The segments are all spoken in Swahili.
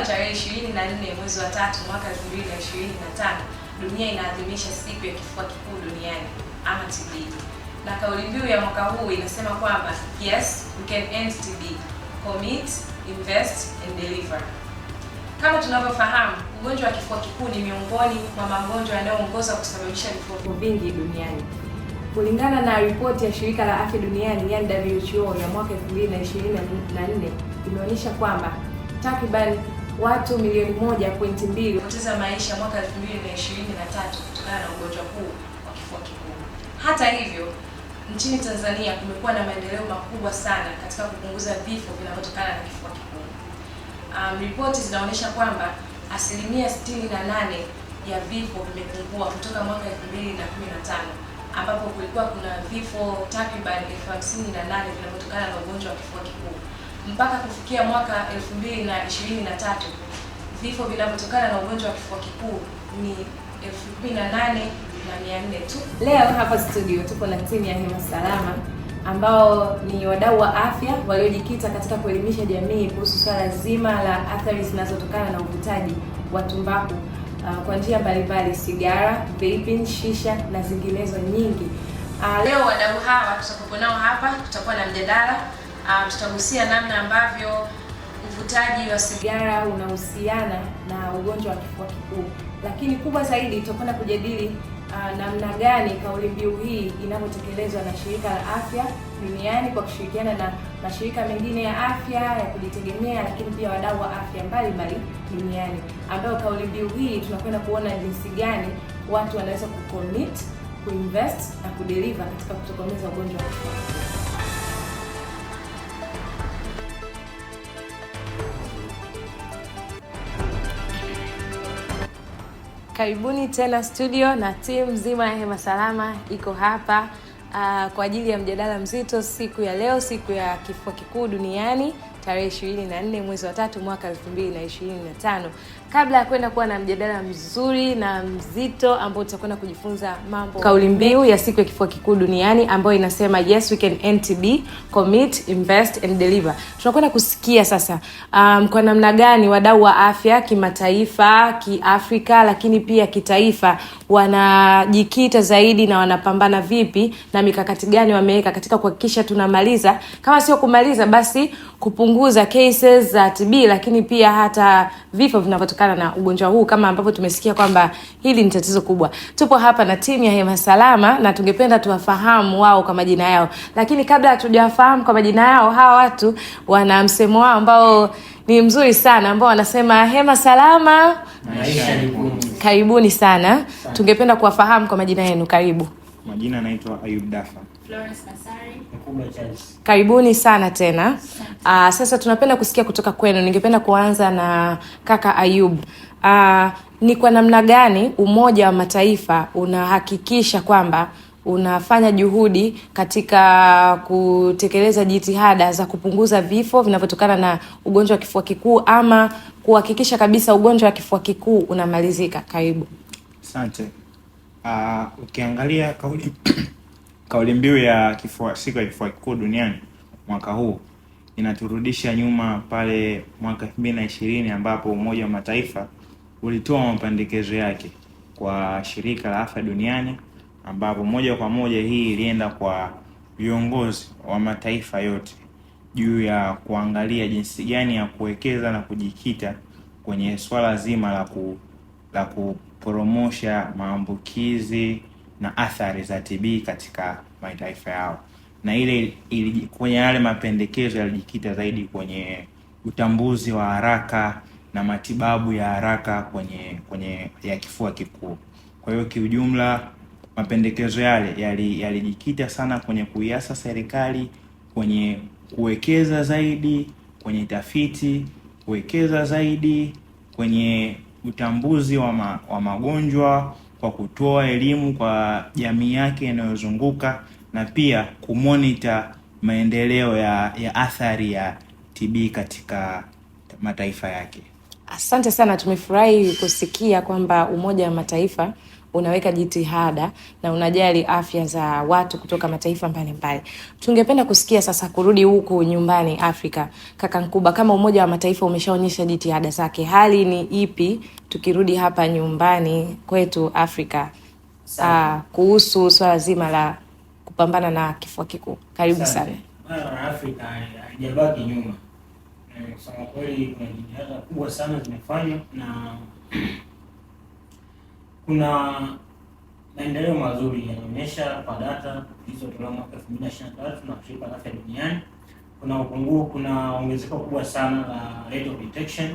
wa tarehe nne mwezi wa tatu mwaka tano dunia inaadhimisha siku ya kifua kikuu duniani ama TB, na kauli mbiu ya mwaka huu inasema kwamba yes we can end TB, commit, invest and deliver. Kama tunavyofahamu, ugonjwa wa kifua kikuu ni miongoni mwa magonjwa yanayoongoza kusababisha vifo vingi duniani. Kulingana na ripoti ya shirika la afya duniani yani WHO ya mwaka 2024 imeonyesha kwamba takriban watu milioni moja pointi mbili kupoteza maisha mwaka 2023 kutokana na ugonjwa huu wa kifua kikuu. Hata hivyo, nchini Tanzania kumekuwa na maendeleo makubwa sana katika kupunguza vifo vinavyotokana na kifua kikuu. Um, ripoti zinaonyesha kwamba asilimia 68 ya vifo vimepungua kutoka mwaka tano ambapo kulikuwa kuna vifo takriban elfu hamsini na nane vinavyotokana na ugonjwa wa kifua kikuu mpaka kufikia mwaka 2023 vifo vinavyotokana na ugonjwa wa kifua kikuu ni 18400 tu. Leo hapa studio tupo na timu ya Hema Salama ambao ni wadau wa afya waliojikita katika kuelimisha jamii kuhusu swala zima la athari zinazotokana na uvutaji wa tumbaku uh, kwa njia mbalimbali, sigara, vaping, shisha na zinginezo nyingi. Uh, leo wadau hawa tutakuwa nao hapa, tutakuwa na mjadala um, tutagusia namna ambavyo uvutaji wa sigara unahusiana na ugonjwa wa kifua kikuu, lakini kubwa zaidi tutakwenda kujadili uh, namna gani kauli mbiu hii inavyotekelezwa na shirika la afya duniani kwa kushirikiana na mashirika mengine ya afya ya kujitegemea, lakini pia wadau wa afya mbalimbali duniani, ambayo kauli mbiu hii tunakwenda kuona jinsi gani watu wanaweza kucommit, kuinvest na kudeliver katika kutokomeza ugonjwa wa kifua kikuu. Karibuni tena studio na timu nzima ya Hema Salama iko hapa uh, kwa ajili ya mjadala mzito siku ya leo, siku ya kifua kikuu duniani tarehe 24 mwezi wa tatu mwaka 2025 kabla ya kwenda kuwa na mjadala mzuri na mzito ambao tutakwenda kujifunza mambo. Kauli mbiu ya siku ya kifua kikuu duniani ambayo inasema yes we can NTB, commit, invest and deliver. Tunakwenda kusikia sasa, um, kwa namna gani wadau wa afya kimataifa, kiafrika, lakini pia kitaifa wanajikita zaidi na wanapambana vipi na mikakati gani wameweka katika kuhakikisha tunamaliza, kama sio kumaliza basi kupunguza cases za TB, lakini pia hata vifo vinavyotokea kutokana na ugonjwa huu, kama ambavyo tumesikia kwamba hili ni tatizo kubwa. Tupo hapa na timu ya Hema Salama na tungependa tuwafahamu wao kwa majina yao, lakini kabla hatujawafahamu kwa majina yao, hawa watu wana msemo wao ambao ni mzuri sana ambao wanasema Hema Salama Karibuni sana, tungependa kuwafahamu kwa majina yenu. Karibu. Majina anaitwa Ayub Dafa. Karibuni sana tena. uh, sasa tunapenda kusikia kutoka kwenu. Ningependa kuanza na kaka Ayub. uh, ni kwa namna gani Umoja wa Mataifa unahakikisha kwamba unafanya juhudi katika kutekeleza jitihada za kupunguza vifo vinavyotokana na ugonjwa wa kifua kikuu ama kuhakikisha kabisa ugonjwa wa kifua kikuu unamalizika? Karibu. Asante. Uh, ukiangalia kauli Kauli mbiu ya kifua, siku ya kifua kikuu duniani mwaka huu inaturudisha nyuma pale mwaka 2020 ambapo Umoja wa Mataifa ulitoa mapendekezo yake kwa Shirika la Afya Duniani, ambapo moja kwa moja hii ilienda kwa viongozi wa mataifa yote juu ya kuangalia jinsi gani ya kuwekeza na kujikita kwenye swala zima la ku la kupromosha maambukizi na athari za tibii katika mataifa yao, na ile ili, kwenye yale mapendekezo yalijikita zaidi kwenye utambuzi wa haraka na matibabu ya haraka kwenye kwenye ya kifua kikuu. Kwa hiyo kiujumla, mapendekezo yale yalijikita yali sana kwenye kuiasa serikali kwenye kuwekeza zaidi kwenye tafiti, kuwekeza zaidi kwenye utambuzi wa, ma, wa magonjwa kwa kutoa elimu kwa jamii yake inayozunguka na pia kumonita maendeleo ya, ya athari ya TB katika mataifa yake. Asante sana, tumefurahi kusikia kwamba Umoja wa Mataifa unaweka jitihada na unajali afya za watu kutoka mataifa mbalimbali. Tungependa kusikia sasa kurudi huku nyumbani Afrika, kaka Nkuba, kama Umoja wa Mataifa umeshaonyesha jitihada zake, hali ni ipi tukirudi hapa nyumbani kwetu Afrika, aa, ah, kuhusu swala zima la kupambana na kifua kikuu? Karibu sana. Afrika haijabaki nyuma, eh, kusema kweli, kuna jitihada kubwa sana zimefanywa na kuna maendeleo mazuri yanaonyesha kwa data zilizotolewa mwaka 2023 na Shirika la Afya Duniani, kuna upungufu, kuna ongezeko kubwa sana la rate of detection,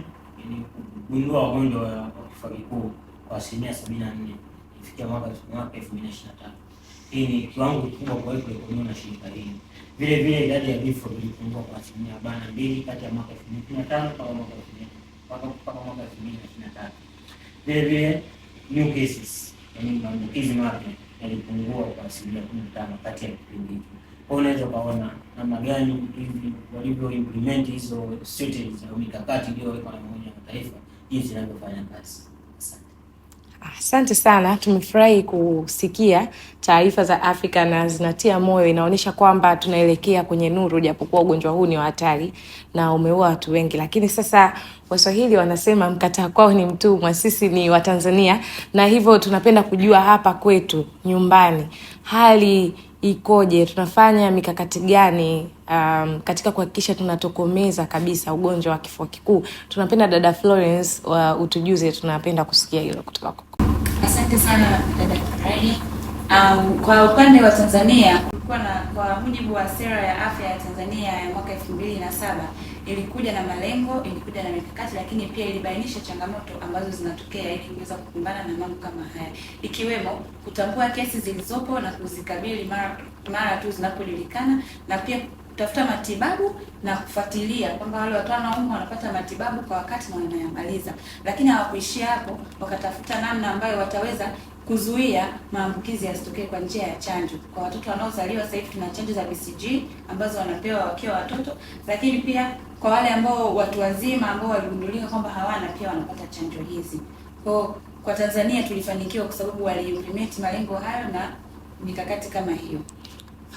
yani kugundua wagonjwa wa kifua kikuu kwa asilimia 74 ifikia mwaka 2023. Hii ni kiwango kikubwa kwa hiyo kuliko na shirika hili. Vile vile idadi ya vifo ilipungua kwa asilimia 42 kati ya mwaka na 2015 mpaka mwaka 2023. Vile vile new cases, yani maambukizi mapya yalipungua kwa asilimia kumi na tano kati ya kipindi hiki. Kwa unaweza ukaona namna gani hivi walivyo implement hizo strategies na mikakati iliyowekwa na Umoja wa Mataifa jinsi inavyofanya kazi. Asante sana, tumefurahi kusikia taarifa za Afrika na zinatia moyo. Inaonyesha kwamba tunaelekea kwenye nuru, japokuwa ugonjwa huu ni wa hatari na umeua watu wengi, lakini sasa Waswahili wanasema mkataa kwao ni mtumwa. Sisi ni Watanzania na hivyo tunapenda kujua hapa kwetu nyumbani hali ikoje, tunafanya mikakati gani um, katika kuhakikisha tunatokomeza kabisa ugonjwa wa kifua kikuu. Tunapenda dada Florence wa utujuze, tunapenda kusikia hilo kutoka kwako. Asante sana dada Um, kwa upande wa Tanzania kulikuwa na, kwa mujibu wa sera ya afya ya Tanzania ya mwaka elfu mbili na saba ilikuja na malengo, ilikuja na mikakati, lakini pia ilibainisha changamoto ambazo zinatokea ili kuweza kukumbana na mambo kama haya, ikiwemo kutambua kesi zilizopo na kuzikabili mara mara tu zinapojulikana na pia kutafuta matibabu na kufuatilia kwamba wale watu wanaumwa wanapata matibabu kwa wakati na wanayamaliza. Lakini hawakuishia hapo, wakatafuta namna ambayo wataweza kuzuia maambukizi yasitokee kwa njia ya chanjo. Kwa watoto wanaozaliwa sasa hivi tuna chanjo za BCG ambazo wanapewa wakiwa watoto, lakini pia kwa wale ambao watu wazima ambao waligundulika kwamba hawana pia wanapata chanjo hizi. Kwa kwa Tanzania tulifanikiwa kwa sababu waliimplement malengo hayo na mikakati kama hiyo.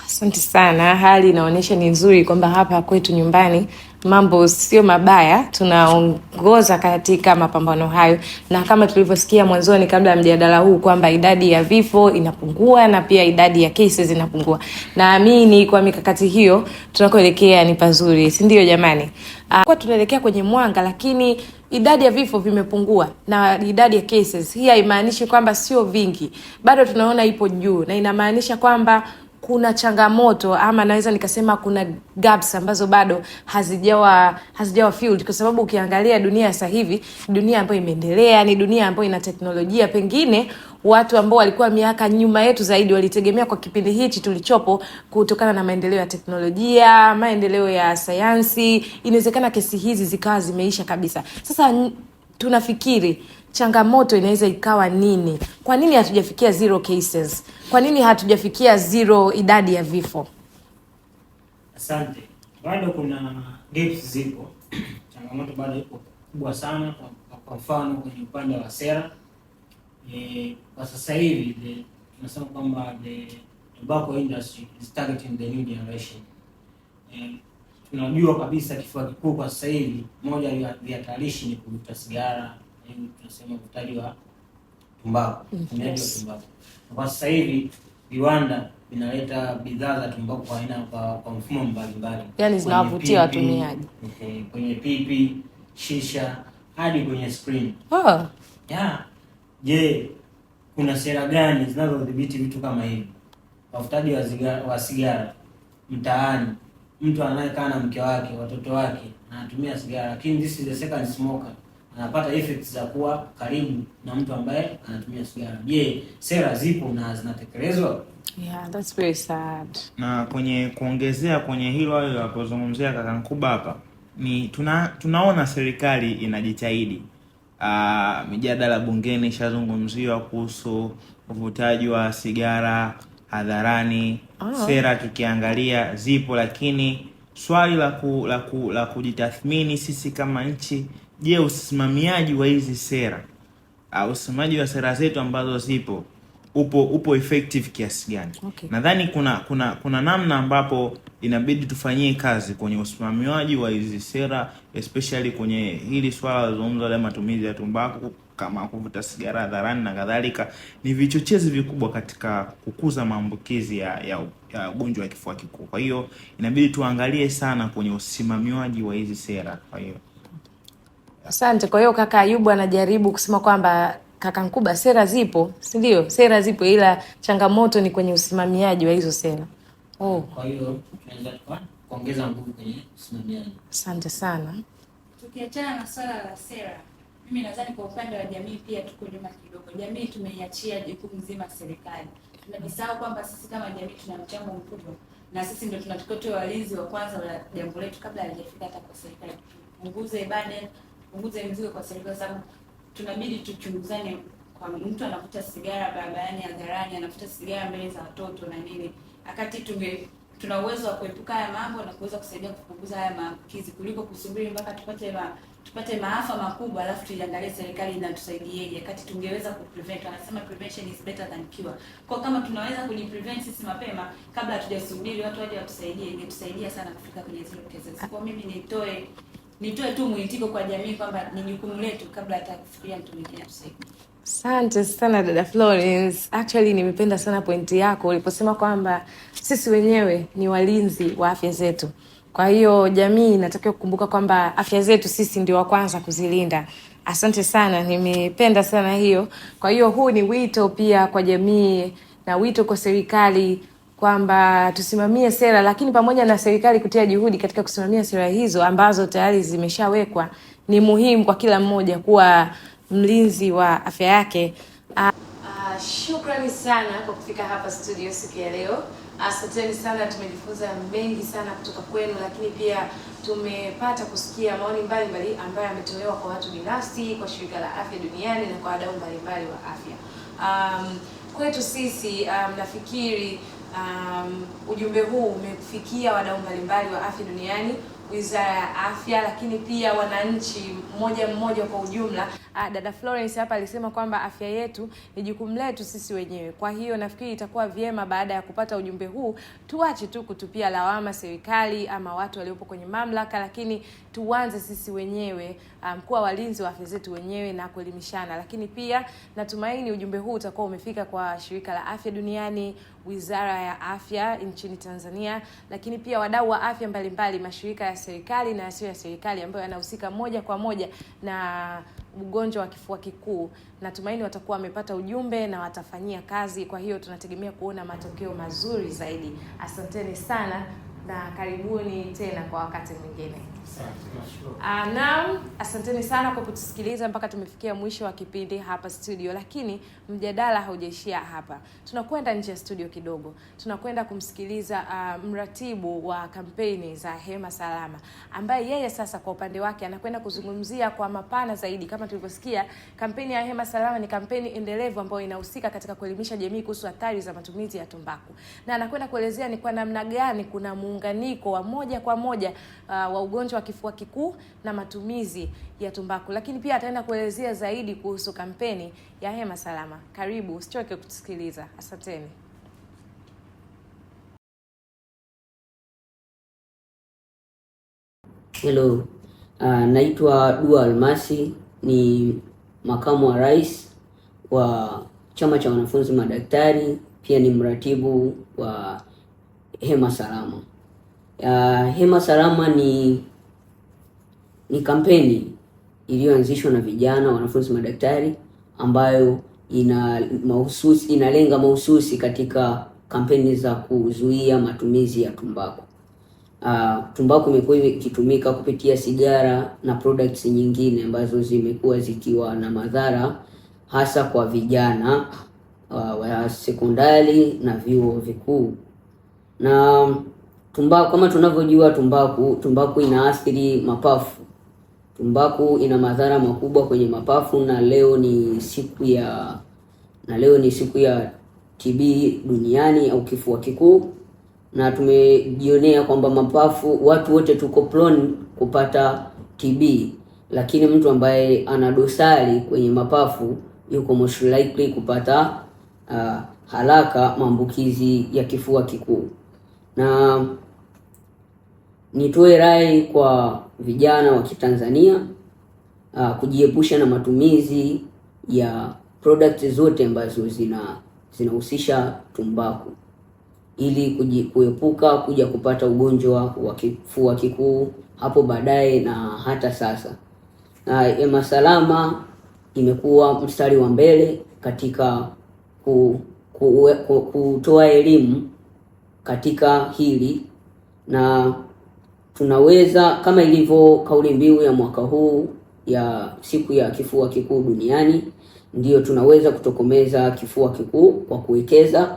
Asante sana. Hali inaonyesha ni nzuri kwamba hapa kwetu nyumbani mambo sio mabaya, tunaongoza katika mapambano hayo, na kama tulivyosikia mwanzoni kabla ya mjadala huu kwamba idadi ya vifo inapungua na pia idadi ya cases inapungua. Naamini kwa mikakati hiyo tunakoelekea ni pazuri, si ndio jamani? Ah, kwa tunaelekea kwenye mwanga, lakini idadi ya vifo vimepungua na idadi ya cases, hii haimaanishi kwamba sio vingi, bado tunaona ipo juu, na inamaanisha kwamba kuna changamoto ama naweza nikasema kuna gaps ambazo bado hazijawa hazijawa field kwa sababu ukiangalia dunia sasa hivi, dunia ambayo imeendelea, ni dunia ambayo ina teknolojia. Pengine watu ambao walikuwa miaka nyuma yetu zaidi walitegemea kwa kipindi hichi tulichopo, kutokana na maendeleo ya teknolojia, maendeleo ya sayansi, inawezekana kesi hizi zikawa zimeisha kabisa. Sasa tunafikiri changamoto inaweza ikawa nini? Kwa nini hatujafikia zero cases? Kwa nini hatujafikia zero idadi ya vifo? Asante, bado kuna gaps zipo, changamoto bado iko kubwa sana. Kwa mfano kwenye upande wa sera e, kwa sasa hivi tunasema kwamba the tobacco industry is targeting the new generation e, tunajua kabisa kifua kikuu kwa sasa hivi, moja ya vihatarishi ni kuvuta sigara, tunasema uvutaji wa tumbaku, mm. utumiaji wa tumbaku. Kwa sasa hivi viwanda vinaleta bidhaa za tumbaku kwa aina kwa, kwa mfumo mbalimbali, yani zinawavutia watumiaji kwenye pipi, shisha hadi kwenye screen. Oh. Yeah. Je, kuna sera gani zinazodhibiti vitu kama hivi? Wavutaji wa sigara mtaani mtu anayekaa na mke wake, watoto wake, anatumia sigara, lakini this is the second smoker anapata effects za kuwa karibu na mtu ambaye anatumia sigara. Je, sera zipo na zinatekelezwa? Yeah, that's very sad. Na kwenye kuongezea kwenye hilo hayo alipozungumzia kaka mkubwa hapa ni tuna, tunaona serikali inajitahidi. Uh, mijadala bungeni ishazungumziwa kuhusu uvutaji wa sigara hadharani oh. Sera tukiangalia zipo, lakini swali la ku, la ku, la kujitathmini sisi kama nchi, je, usimamiaji wa hizi sera au usimamiaji wa sera zetu ambazo zipo upo upo effective kiasi gani? Okay. Nadhani kuna kuna kuna namna ambapo inabidi tufanyie kazi kwenye usimamiaji wa hizi sera especially kwenye hili swala la zungumzo la matumizi ya tumbaku kama kuvuta sigara hadharani na kadhalika, ni vichochezi vikubwa katika kukuza maambukizi ya, ya, ya ugonjwa wa kifua kikuu. Kwa hiyo inabidi tuangalie sana kwenye usimamiaji wa hizi sera. Kwa hiyo asante. Kwa hiyo kaka Ayubu anajaribu kusema kwamba kaka Nkuba, sera zipo, si ndio? Sera zipo, ila changamoto ni kwenye usimamiaji wa hizo sera. Oh, kwa hiyo tunaweza kuongeza nguvu kwenye usimamiaji. Asante sana. Tukiachana na swala la sera mimi nadhani kwa upande wa jamii pia tuko nyuma kidogo. Jamii tumeiachia jukumu zima serikali, tunajisahau kwamba sisi kama jamii tuna mchango mkubwa, na sisi ndio tunatakiwa tuwe walinzi wa kwanza wa jambo letu kabla halijafika hata kwa serikali. Punguze burden, punguze mzigo kwa serikali, kwa sababu tunabidi tuchunguzane. Kwa mtu anavuta sigara barabarani, hadharani, anavuta sigara mbele za watoto na nini, wakati tunge tuna uwezo wa kuepuka haya mambo na kuweza kusaidia kupunguza haya maambukizi kuliko kusubiri mpaka tupate ma tupate maafa makubwa, alafu tuiangalie serikali inatusaidieje kati tungeweza ku prevent. Anasema prevention is better than cure, kwa kama tunaweza kuni prevent sisi mapema kabla hatujasubiri watu waje watusaidie, ingetusaidia sana kufika kwenye zero cases. Kwa mimi nitoe nitoe tu mwitiko kwa jamii kwamba ni jukumu letu kabla hata kufikia mtu mwingine atusaidie. Asante sana dada Florence. Actually nimependa sana pointi yako uliposema kwamba sisi wenyewe ni walinzi wa afya zetu. Kwa hiyo jamii inatakiwa kukumbuka kwamba afya zetu sisi ndio wa kwanza kuzilinda. Asante sana, nimependa sana hiyo. Kwa hiyo huu ni wito pia kwa jamii na wito kwa serikali kwamba tusimamie sera, lakini pamoja na serikali kutia juhudi katika kusimamia sera hizo ambazo tayari zimeshawekwa, ni muhimu kwa kila mmoja kuwa mlinzi wa afya yake. Shukrani sana kwa kufika hapa studio siku ya leo. Asanteni sana, tumejifunza mengi sana kutoka kwenu, lakini pia tumepata kusikia maoni mbalimbali ambayo yametolewa kwa watu binafsi, kwa shirika la afya duniani na kwa wadau mbalimbali wa afya. Um, kwetu sisi um, nafikiri um, ujumbe huu umefikia wadau mbalimbali wa afya duniani, wizara ya afya, lakini pia wananchi mmoja mmoja kwa ujumla uh, dada Florence hapa alisema kwamba afya yetu ni jukumu letu sisi wenyewe. Kwa hiyo nafikiri itakuwa vyema baada ya kupata ujumbe huu tuache tu kutupia lawama serikali ama watu waliopo kwenye mamlaka, lakini tuanze sisi wenyewe um, kuwa walinzi wa afya zetu wenyewe na kuelimishana. Lakini pia natumaini ujumbe huu utakuwa umefika kwa shirika la afya duniani, wizara ya afya nchini Tanzania, lakini pia wadau wa afya mbalimbali, mashirika ya serikali na yasiyo ya serikali ambayo yanahusika moja kwa moja na ugonjwa wa kifua kikuu. Natumaini watakuwa wamepata ujumbe na watafanyia kazi, kwa hiyo tunategemea kuona matokeo mazuri zaidi. Asanteni sana na karibuni tena kwa wakati mwingine. Uh, ah, naam, asanteni sana kwa kutusikiliza mpaka tumefikia mwisho wa kipindi hapa studio, lakini mjadala haujaishia hapa. Tunakwenda nje ya studio kidogo, tunakwenda kumsikiliza uh, mratibu wa kampeni za Hema Salama ambaye yeye sasa kwa upande wake anakwenda kuzungumzia kwa mapana zaidi. Kama tulivyosikia, kampeni ya Hema Salama ni kampeni endelevu ambayo inahusika katika kuelimisha jamii kuhusu hatari za matumizi ya tumbaku, na anakwenda kuelezea ni kwa namna gani kuna muunganiko wa moja kwa moja uh, wa ugonjwa wa kifua kikuu na matumizi ya tumbaku, lakini pia ataenda kuelezea zaidi kuhusu kampeni ya Hema Salama. Karibu, usichoke kutusikiliza. Asanteni. Hello. Uh, naitwa Dua Almasi ni makamu wa rais wa chama cha wanafunzi madaktari, pia ni mratibu wa Hema Salama. Uh, Hema Salama ni ni kampeni iliyoanzishwa na vijana wanafunzi madaktari, ambayo ina mahususi, inalenga mahususi katika kampeni za kuzuia matumizi ya tumbaku. Uh, tumbaku imekuwa ikitumika kupitia sigara na products nyingine ambazo zimekuwa zikiwa na madhara hasa kwa vijana uh, wa sekondari na vyuo vikuu. Na tumbaku kama tunavyojua, tumbaku tumbaku ina athiri mapafu Tumbaku ina madhara makubwa kwenye mapafu na leo ni siku ya na leo ni siku ya TB duniani au kifua kikuu, na tumejionea kwamba mapafu, watu wote tuko prone kupata TB, lakini mtu ambaye ana dosari kwenye mapafu yuko most likely kupata uh, haraka maambukizi ya kifua kikuu na Nitoe rai kwa vijana wa Kitanzania uh, kujiepusha na matumizi ya product zote ambazo zina zinahusisha tumbaku ili kuji, kuepuka kuja kupata ugonjwa wa kifua kikuu hapo baadaye na hata sasa. Na Ema Salama imekuwa mstari wa mbele katika ku, ku, ku, kutoa elimu katika hili na tunaweza kama ilivyo kauli mbiu ya mwaka huu ya siku ya kifua kikuu duniani, ndiyo tunaweza kutokomeza kifua kikuu kwa kuwekeza,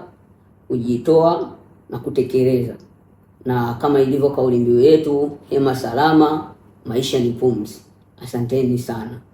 kujitoa na kutekeleza, na kama ilivyo kauli mbiu yetu, hema salama, maisha ni pumzi. Asanteni sana.